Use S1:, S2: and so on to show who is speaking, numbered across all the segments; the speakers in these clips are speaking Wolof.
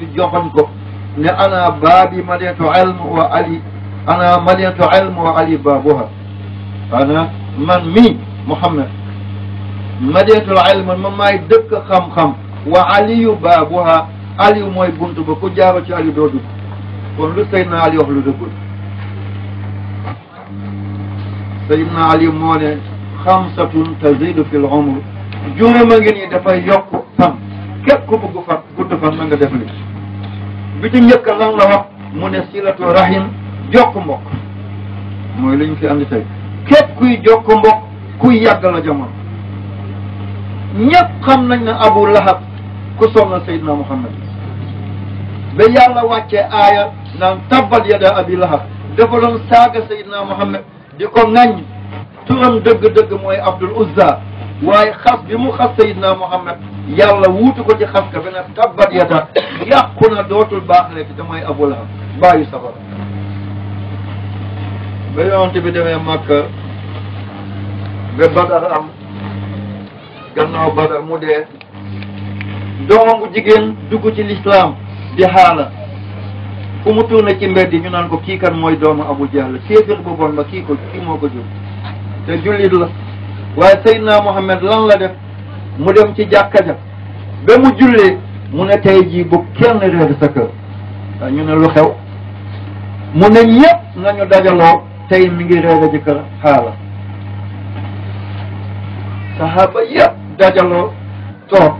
S1: Nasri joxoñ ko ne ana baabi madinatu ilm wa ali ana madinatu ilm wa ali baabuha ana man mii Muhammad madinatul ilm man maay dëkk xam-xam wa aliyu baabuha aliyu mooy bunt ba ku jaaro ci aliyu doo dugg kon lu Seydina Ali wax lu dëggul Seydina Ali moo ne xamsatun tazidu fil umr juróom a ngi nii dafay yokk fan képp ku bëgg fan gudd fan na nga def li bi njëkk lan la wax mu ne silatu rahim jokk mbokk mooy li ñu fi andi tey képp kuy jokk mbokk kuy yàgg la jamono ñëpp xam nañ ne Abu Lahab ku sonnal Seydina Muhammad ba yàlla wàccee aaya naan tabbat yada abi lahab dafa doon saaga Seydina Muhammad di ko ŋaññ turam dëgg-dëgg mooy Abdul Uzza waaye xas bi mu xas sayidna Muhammad yàlla wuutu ko ci xas ka bene tabbat yata yàqu na dootul baax nekk te mooy Abu Lahab safara ba yonent bi demee Màkka ba Badar am gannaaw Badar mu dee doomam jigéen dugg ci lislaam di xaala fu mu tuur ci mbedd ñu naan ko kii kan mooy doomu Abu Jahl séeféer bu bon ba kii ko kii moo ko jur te jullit la waaye Seydina Mohamed lan la def mu dem ci jàkka ja ba mu jullee mu ne tey jii bu kenn réer sa kër ñu ne lu xew mu ne ñëpp nañu dajaloo tey mi ngi réer ji kër xaala saxaaba yëpp dajaloo toog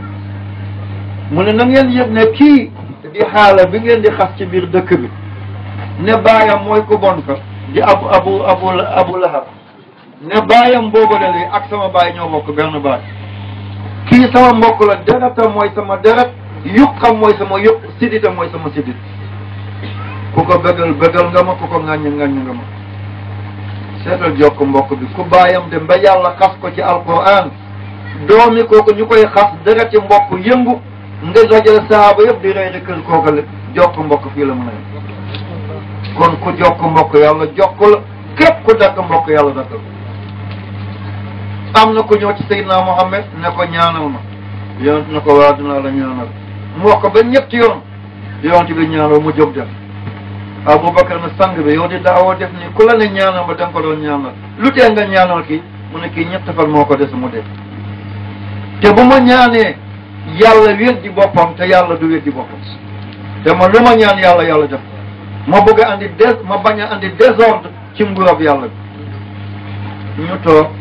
S1: mu ne na ngeen yëg ne kii di xaala bi ngeen di xas ci biir dëkk bi ne baayam mooy ku ko di abu abu abu abu lahab ne baayam boobu la de ak sama baay ñoo bokk benn baay kii sama mbokk la deretam mooy sama deret yu yuqam mooy sama yuq siditam mooy sama sidit ku ko bëggal bëggal nga ma ku ko ŋàññ ŋàññ nga ma seetal jokk mbokk bi ku baayam dem ba yàlla xas ko ci alquran doomi kooku ñu koy xas deret mbokk yëngu nga dajale saaba yëpp di rey di kër kookale jokk mbokk fii la mën a kon ku jokk mbokk yàlla jokk la képp ku dakk mbokk yàlla dakk la am na ko ñëw ci Seydina Mohamed ne ko ñaanaw ma yonent na ko waa dinaa la ñaanal mu wax ko ba ñetti yoon yonent bi ñaanal mu jóg dem Aboubacar na sang bi yow di daawoo def ni ku la ne ñaanal ma da ko doon ñaanal lu tee nga ñaanal kii mu ne kii ñett fan moo ko des mu def te bu ma ñaanee yàlla wér di boppam te yàlla du wér di boppam te ma lu ma ñaan yàlla yàlla def ma bëgg a andi des ma bañ a andi désordre ci nguurab yàlla bi ñu toog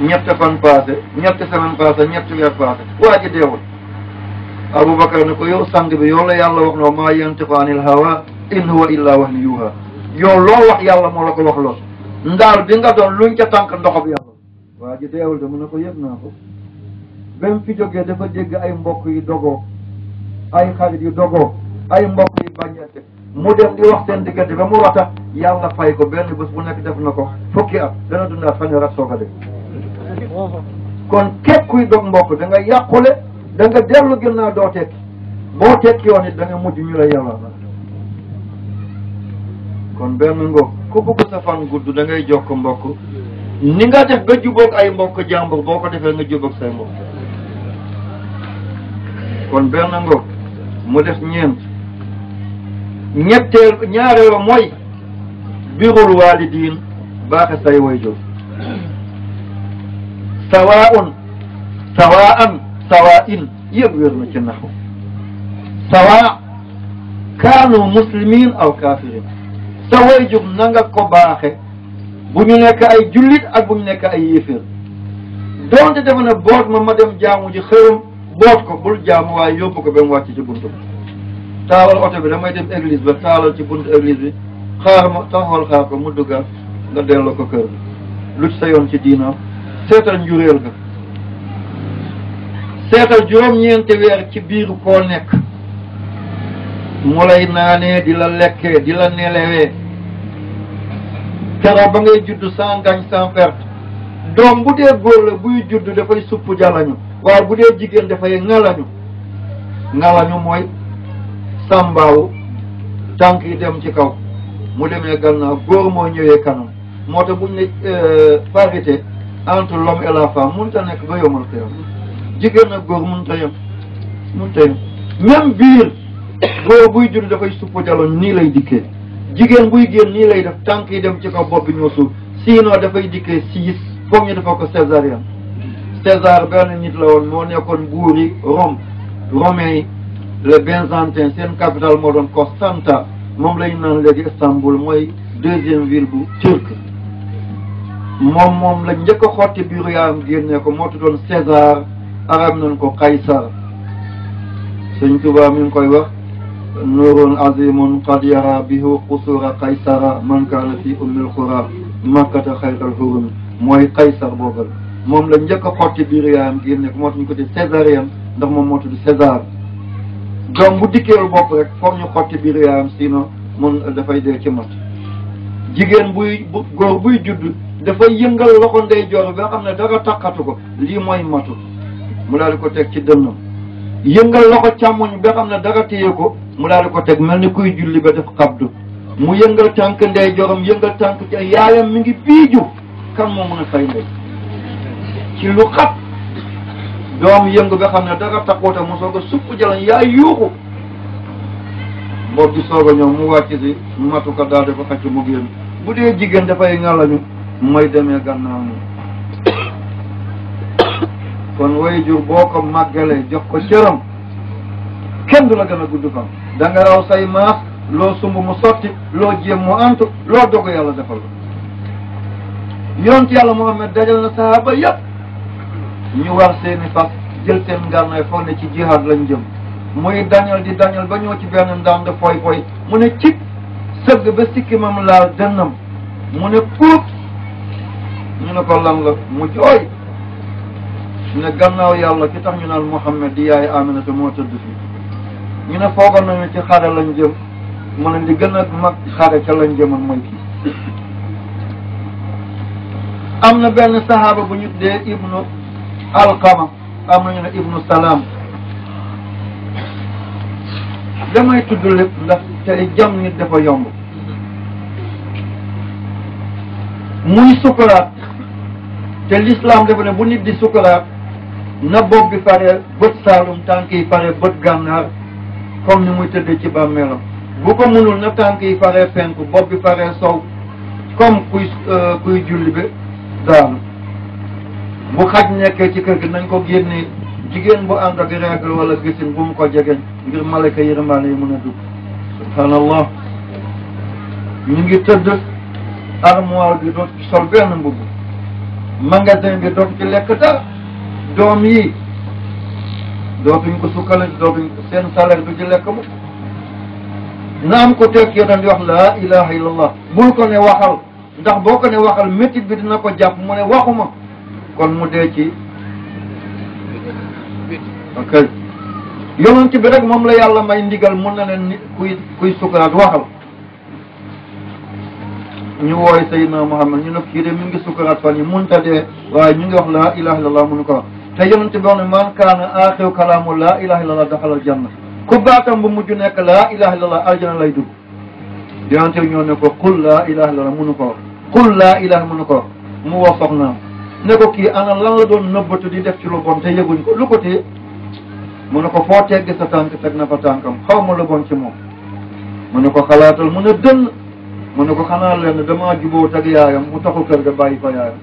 S1: ñetti fan passé ñetti semaine passé ñetti weer passé waa ji deewul Aboubacar ne ko yow sang bi yow la yàlla wax noo maa yantiqu anil hawa in huwa illa wax yàlla moo la ko wax lool ndaal bi nga doon luñ ca tànk ndoxob yàlla waa ji deewul de mu ne ko yëg naa ko ba mu fi jógee dafa dégg ay mbokk yu dogoo ay xarit yu dogoo ay mbokk yi bañante mu dem di wax seen diggante ba mu rata yàlla fay ko benn bés bu nekk def na ko fukki at dana dundaat fanweer ak soog a de tekki kon képp kuy dog mbokk da nga yàqule da nga dellu ginnaaw naa tekki boo tekki woon it da nga mujj ñu la yàlla kon benn ngóob ku bëgg sa gudd da ngay jokk mbokk ni nga def ba ay mbokk jàmbur boo ko defee nga jubóog say mbokk kon benn ngóob mu def ñeent ñetteel ñaareelu mooy birul waalidiin baaxe say way jóg sawaun sawaan sawain yëpp wér na ci naxu sawa kaanu muslimin aw kafirin sa jub na nga ko baaxe bu ñu nekk ay jullit ak bu ñu nekk ay yéeféer donte dafa ne boot ma ma dem jaamu ji xëram boot ko bul jaamu waaye yóbbu ko ba mu wàcc ci buntu ba taawal oto bi damay dem église ba taalal ci buntu église bi xaar ma taxawal xaar ko mu duggaat nga delloo ko kër bi lu sa yoon ci diinaam seetal njuréel ga seetal juróom-ñeenti weer ci biiru koo nekk mu lay naanee di la lekkee di la nelewee kara ba ngay judd sans gagne sans perte doom bu dee góor la buy judd dafay supp jalañu waaye bu dee jigéen dafay ngalañu ngalañu mooy sàmbaawu tànk yi dem ci kaw mu demee gannaaw góor moo ñëwee kanam moo tax buñ ne euh, parité entre l'homme et la femme nekk ba yomal xiyam jigéen ak góor mënut a yem mënut a yem même biir góor buy jur dafay suppu jaloon nii lay dikkee jigéen buy génn nii lay def tànk yi dem ci kaw bopp bi ñoo suuf sinon dafay dikkee siis foog ñu dafa ko césarienne César benn nit la woon moo nekkoon buuri Rome romain yi le Byzantin seen capital moo doon Constanta moom lañu naan léegi Istanbul mooy deuxième ville bu turc moom moom la njëkk a xotti biiru yaayam génne ko moo tuddoon César arab nañ ko Qaysar sëñ Tuba mi ngi koy wax nuurun azimun qad bihu qusura Qaysara man kaana fi ummil qura makkata xayral hurum mooy Qaysar boobal moom la njëkk a xotti biiru yaayam génne ko moo tax ñu ko tuddee Césarien ndax moom moo tudd César doom bu dikkeelu bopp rek foog ñu xotti biiru yaayam sinon mun dafay dee ci mat jigéen buy góor buy judd dafa yëngal loxo ndeyjoor ba nga xam ne dara takkatu ko lii mooy matu mu daal di ko teg ci dënnam yëngal loxo càmmoñ ba nga xam ne dara téye ko mu daal di ko teg mel ni kuy julli ba def xabdu mu yëngal tànk ndeyjooram yëngal tànk ca yaayam mi ngi biiju kan moo mën a fay ndey ci lu xat doom yëngu ba xam ne dara takkuta mu soog a supp jalan yaay yuuxu boobu di soog a ñëw mu wàcc si matu ko daal dafa ci mu génn bu dee jigéen dafay ngalañu mooy demee gannaaw ni kon wayjur boo ko màggalee jox ko cëram kenn du la gën a gudd fan da nga raw say maas loo sumb mu sotti loo jéem mu antu loo dogu yàlla defal la yonent yàlla Muhammad dajal na sahaaba yëpp ñu war seeni fas jël seen ngànnaay foog ne ci jihaad lañ jëm muy dañal di daniel ba ñëw ci benn ndànd foy foy mu ne cib sëgg ba sikkimam laal dënnam mu ne puut ñu ne ko lan la mu jooy ne gannaaw yàlla ci tax ñu naan Mouhamed di yaay Aminata moo tëdd fii ñu ne foogal nañu ci xare lañ jëm mu ne gën a mag xare ca lañ jëman mooy kii am na benn sahaaba bu ñu dee ibnu alqama am nañu ne ibnu salaam damay tudd lépp ndax tey jam nit dafa yomb muy sukuraat te l'islam bu ne bu nit di sukkalaat na bopp bi pare bët saalum tànk yi pare bët gànnaar comme ni muy tëdd ci bàmmeelam bu ko mënul na tànk yi pare penk bopp bi pare sow comme kuy euh, kuy julli bi daanu bu xaj nekkee ci kër gi nañ ko génne jigéen bu ànd ak règle wala gisin bu mu ko jegeñ ngir malaka yërmaane yi mën a dugg subhanallah ñu ngi tëdd armoire bi doo sol benn mbubb magasin bi dootu ci lekk dara doom yi dootuñ ko sukkale dootuñ seen salaire du ci lekk mu na am ko teg yonent di wax laa ilaha illallah bul ko ne waxal ndax boo ko ne waxal métit bi dina ko jàpp mu ne waxuma kon mu dee ci ok yonent bi rek moom la yàlla may ndigal mun na leen nit kuy kuy sukuraat waxal ñu wooy Seydina Muhammad ñu ne kii de mi ngi sukuraat fan yi munta dee waaye ñu ngi wax la ilaha illallah mënu ko wax te yonent bi wax ne man kaana aaxiru kalaamu laa ilaha illallah daxalal janna ku baatam bu mujj nekk laa ilaha illallah aljana lay dugg yonent bi ñoo ne ko qul laa ilaha illallah mënu ko wax qul laa ilaha mënu ko wax mu wax soxnaam ne ko kii ana la doon nëbbatu di def ci lu bon te yëguñ ko lu ko téye mu ne ko foo tegg sa tànk teg na fa tànkam xaw ma lu ci moom mu ne ko xanaa lenn damaa juboo tag yaayam mu taxu kër ga bàyyi ko yaayam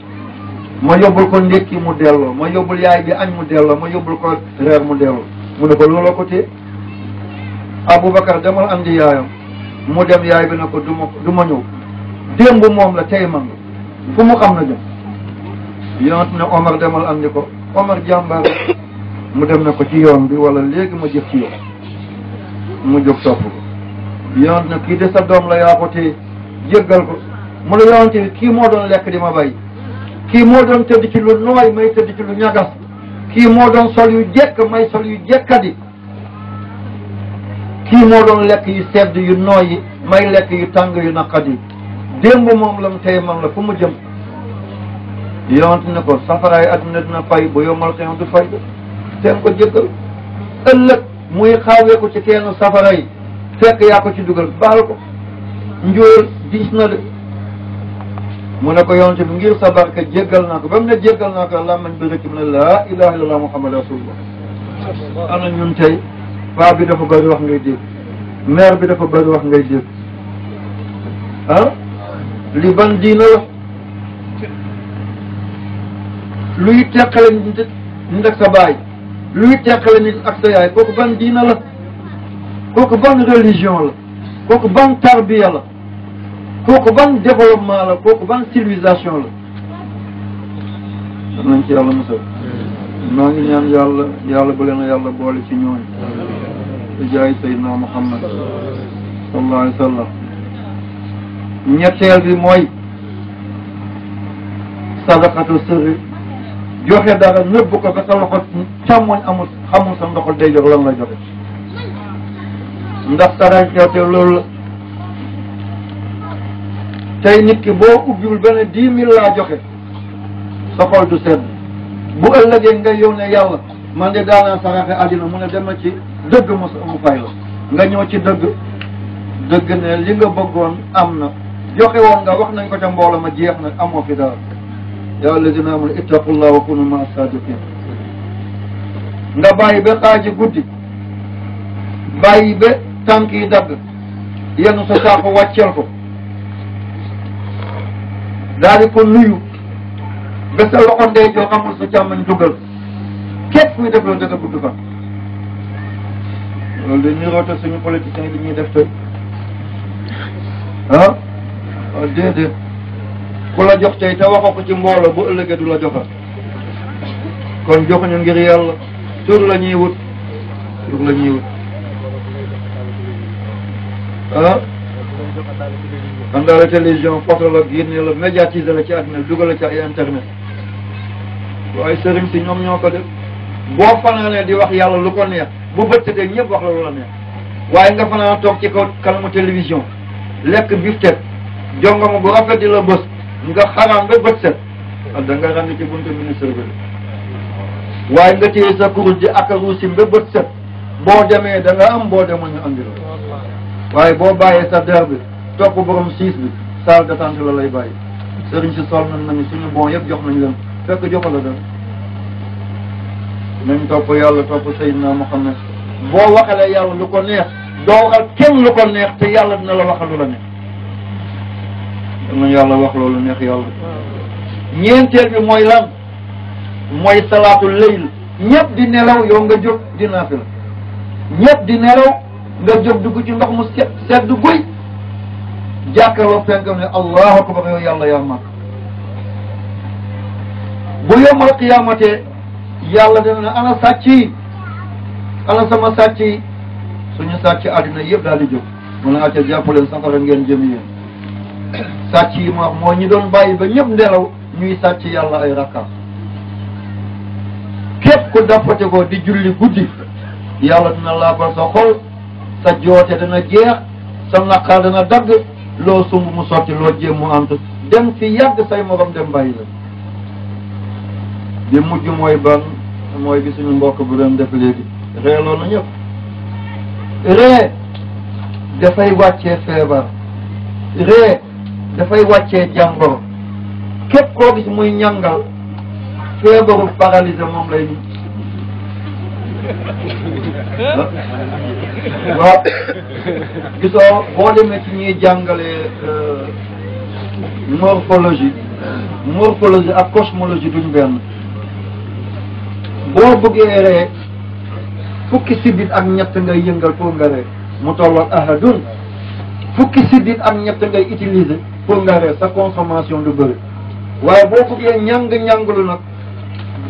S1: ma yóbbul ko ndékki mu delloo ma yóbbul yaay bi añ mu delloo ma yóbbul ko reer mu delloo mu ne ko looloo ko téye Aboubacar demal andi yaayam mu dem yaay bi ne ko du ma du ma ñëw moom la tey man fu mu xam na jëm yonent ne Omar demal andi ko Omar jàmbaar mu dem ne ko ci yoon bi wala léegi ma jëf ci yoon mu jóg topp ko yonent ne kii de sa doom la yaa ko téye jéggal ko mu ne yonente bi kii moo doon lekk di ma bàyyi kii moo doon tëdd ci lu nooy may tëdd ci lu ñagas kii moo doon sol yu jekk may sol yu jekkadi kii moo doon lekk yu sedd yu nooy yi may lekk yu tàng yu naqadi démb moom la mu tey moom la fu mu jëm yonent ne ko safaraay adduna dina fay bu yomal xiyam du fay seen ko jëkkal ëllëg muy xawee ko ci teenu safara yi fekk yaa ko ci dugal baal ko njóol diis na de mu ne ko yonent bi ngir sa barke jéggal naa ko ba mu ne jéggal naa ko làmmañ bi bi dafa bëri wax ngay bi dafa la wax ngay dégg ah li ban diina la luy teqale nit nit ak sa baay ak sa la kooku ban religion la tarbiya la kokuban devolmalı, kokuban sivilizasyonlu. Bunun ki yalımı sor. Bunun ki yan yalı, yalı bilene yalı bu hali için yoğun. Ricayi Seyyidina Muhammed sallallahu aleyhi ve sellem. ñetteel bi mooy sadaqatu sirri joxe dara nëbb ko ba sa loxo càmmoñ amul xamul sa ndoxo day jox lan la joxe ndax sadaqatu loolu tey nit ki boo ubbiwul beneen ne dix mille laa joxe sa du sedd bu ëllëgee nga yow ne yàlla man de daanaa saraxe àddina mu ne dem na ci dëgg mu fay la nga ñëw ci dëgg dëgg ne li nga bëggoon am na joxewoon woon nga wax nañ ko ca mbooloo ma jeex na amoo fi dara yaa alladina amanu ittaqullah wa kunu maa sadiqin nga bàyyi ba xaaji guddi bàyyi ba tànk yi dagg yenn sa saako wàcceel ko daal di ko nuyu ba sa loxo ndeyjoor amul sa càmmoñ dugal képp kuy def loolu dana gudd loolu dañuy roote suñu politiciens yi dañuy def tey ah waaw déedéet ku la jox tey te waxoo ko ci mbooloo bu ëllëgee du la joxal kon joxuñu ngir yàlla tur wut la ñuy wut ah Anda la télévision photo la génne la médiatiser la ci àddina dugal ci ay internet waaye sëriñ si ñoom ñoo def di wax yàlla lu ko neex bu bëttëtee ñëpp wax la lu la neex waaye nga fanaan toog ci kaw kanamu télévision lekk bifteek jongoma bu rafet di la bës nga xaraam ba bët set ah, da nga ci buntu ministre bi nga sa di akaru sim ba bët set boo demee da nga am boo demoon ñu andi la waaye boo sa der topp borom siis bi salle d'attente la lay bàyyi sëriñ si sol nañ nañu suñu bon yëpp jox nañ leen fekk joxu la dara nañ topp yàlla topp Seydina Muhammad boo waxalee yàlla lu ko neex doo waxal kenn lu ko neex te yàlla dina la waxal lu la neex danañ yàlla wax loolu neex yàlla mooy lan mooy salaatu leyl ñëpp di nelaw yow nga jóg di naafila ñëpp di nelaw nga jóg dugg ci ndox mu sedd guy jàkkaarloo fenkam ne allahu akbar yow yàlla yaa mag bu yomal qiyaamatee yàlla dana ne ana sàcc yi ana sama sàcc yi suñu sàcc àddina yëpp daal di jóg mu ne acca jàpp leen safara ngeen jëm yéen yi ma moo ñi doon bàyyi ba ñëpp ndelaw ñuy sàcc yàlla ay rakka képp ku dappate ko di julli guddi yàlla dina laabal sa xol sa joote dana jeex sa naqaar dana dagg loo sumb mu sotti loo jéem mu ant dem fi yàgg say morom dem bàyyi la bi mujj mooy ban mooy bi suñu mbokk bu doon def léegi ree loolu na ñëpp ree dafay wàccee feebar ree dafay wàccee jàngoro képp koo gis muy ñàngal feebaru paralysé moom lay waaw gisoo boo demee ci ñuy jàngale euh, morphologie morphologie ak cosmologie duñ benn boo bëggee ree fukki siddit ak ñett ngay yëngal pour mu tolloog ahadun fukki siddit ak ñett ngay utiliser pour nga sa consommation du bëri waaye boo bëggee ñàng-ñànglu nag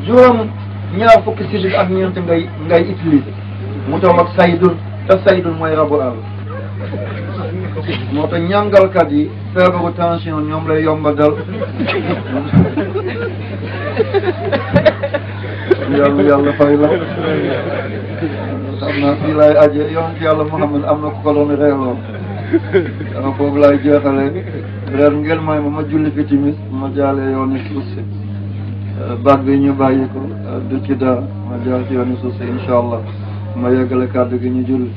S1: juróom ñu naan ko prestige ak ñeent ngay ngay utiliser mu doom ak saydul te saydul mooy rabu àll moo tax ñàngalkat yi feebaru tension ñoom lay yomba dal yàlla yàlla fay la xam naa fii laay aje yonent yàlla Muhammad am na ku ko doon reeloo dama foofu laay jeexale ren ngeen may ma julli fi timis ma jaale yoon ni suuf Euh, baat bi ñu bàyyi ko euh, du ci ma jaar ci yoonu suuf ma yeggale gi ñu julli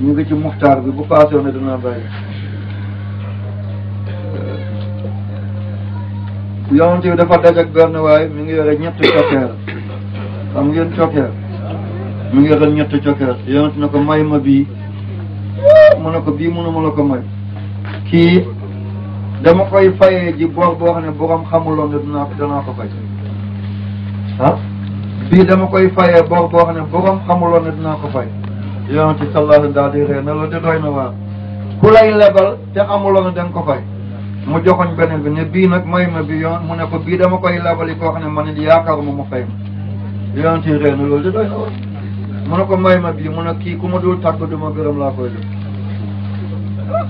S1: ñu ngi ci muxtaar bi bu paase woon dinaa bàyyi. Euh, yonent bi dafa daj ak benn waay mi ngi yore ñetti cokkeer xam ngeen cokkeer mi ngi yore ñetti cokkeer yonent na ko may ma bii mu ne ko bii mënuma la ko komay kii. dama koy fayee ji bor boo ne borom xamuloon ne dinaa ko fay ah bii dama koy fayee bor boo xam ne borom xamuloon ne dinaa ko fay yonente bi sallallahu alayhi daal di ree de doy na waar ku lay lebal te xamuloon ne da ko fay mu joxoñ beneen bi ne bii nag may ma bi yoon mu ne ko bii dama koy lebal yi koo xam ne man it yaakaar ma mu fay ma yonente bi ree na loolu de doy na waar mu ne ko may ma bii mu ne kii ku ma dul tàgg du ma gërëm laa koy def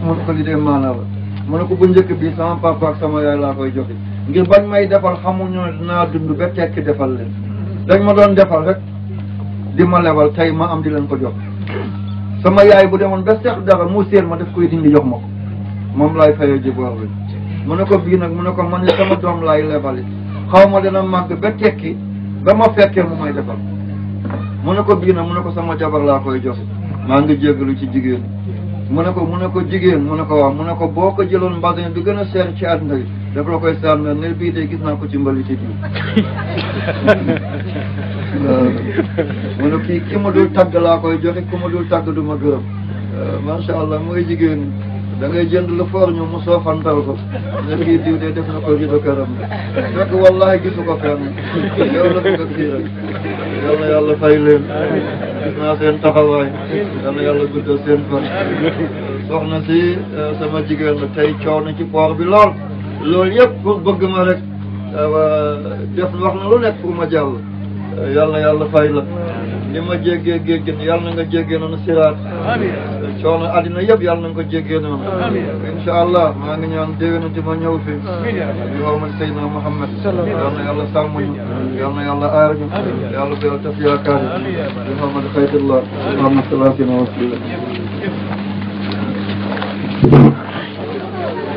S1: mu ne ko li dee maanaa mu ne ko bu njëkk bii sama papa ak sama yaay laa koy joxe ngir bañ may defal xamuñu ne dinaa dund ba tekki defal leen dañ ma doon defal rek di ma lebal tey ma am di leen ko jox sama yaay bu demoon ba seex dara mu seen ma daf koy dindi jox ma ko moom laay fayoo ji boor bi mu ne ko bii nag mu ne ko man sama doom laay lebali xaw ma dana màgg ba tekki ba ma fekkee mu may defal mu ne ko bii nag mu ne ko sama jabar laa koy joxe maa ngi jégalu ci jigéen mu ne ko mu ne ko jigéen mu ne ko waaw mu ne ko boo ko jëloon mbasin bi gën a seer ci àdduna bi dafa la koy sànn ne bii de gis naa ko cimbali mbaliti bi mu ne ki ma dul tàgg laa koy joxe ku ma dul tàgg du ma gërëm euh, macha allah mooy jigéen da ngay jënd lu foor ñu mu soofantal ko ne kii diw de def na ko rido këram fekk wallahi gisu ko fenn yow la ko kii rek yal na yàlla fay leen gis naa seen taxawaay yal na yàlla guddal seen fan soxna si eh, sama jigéen la tey coow na ci poor bi lool loolu yëpp pour bëgg ma rek eh, def wax na lu nekk pour ma jàll eh, yal na yàlla fay li ma jéggee géej gi yàlla na nga jéggee noonu siraat coono àddina yëpp yàlla na nga ko jéggee noonu incha allah maa ngi ñaan déwénati ma ñëw fi bi war ma Seydina Muhammad yàlla na yàlla sàmm ñu yàlla na yàlla aar ñu yàlla bu yàlla tas yaakaar yi bi Muhammad xaytullah Muhammad salaatina wasila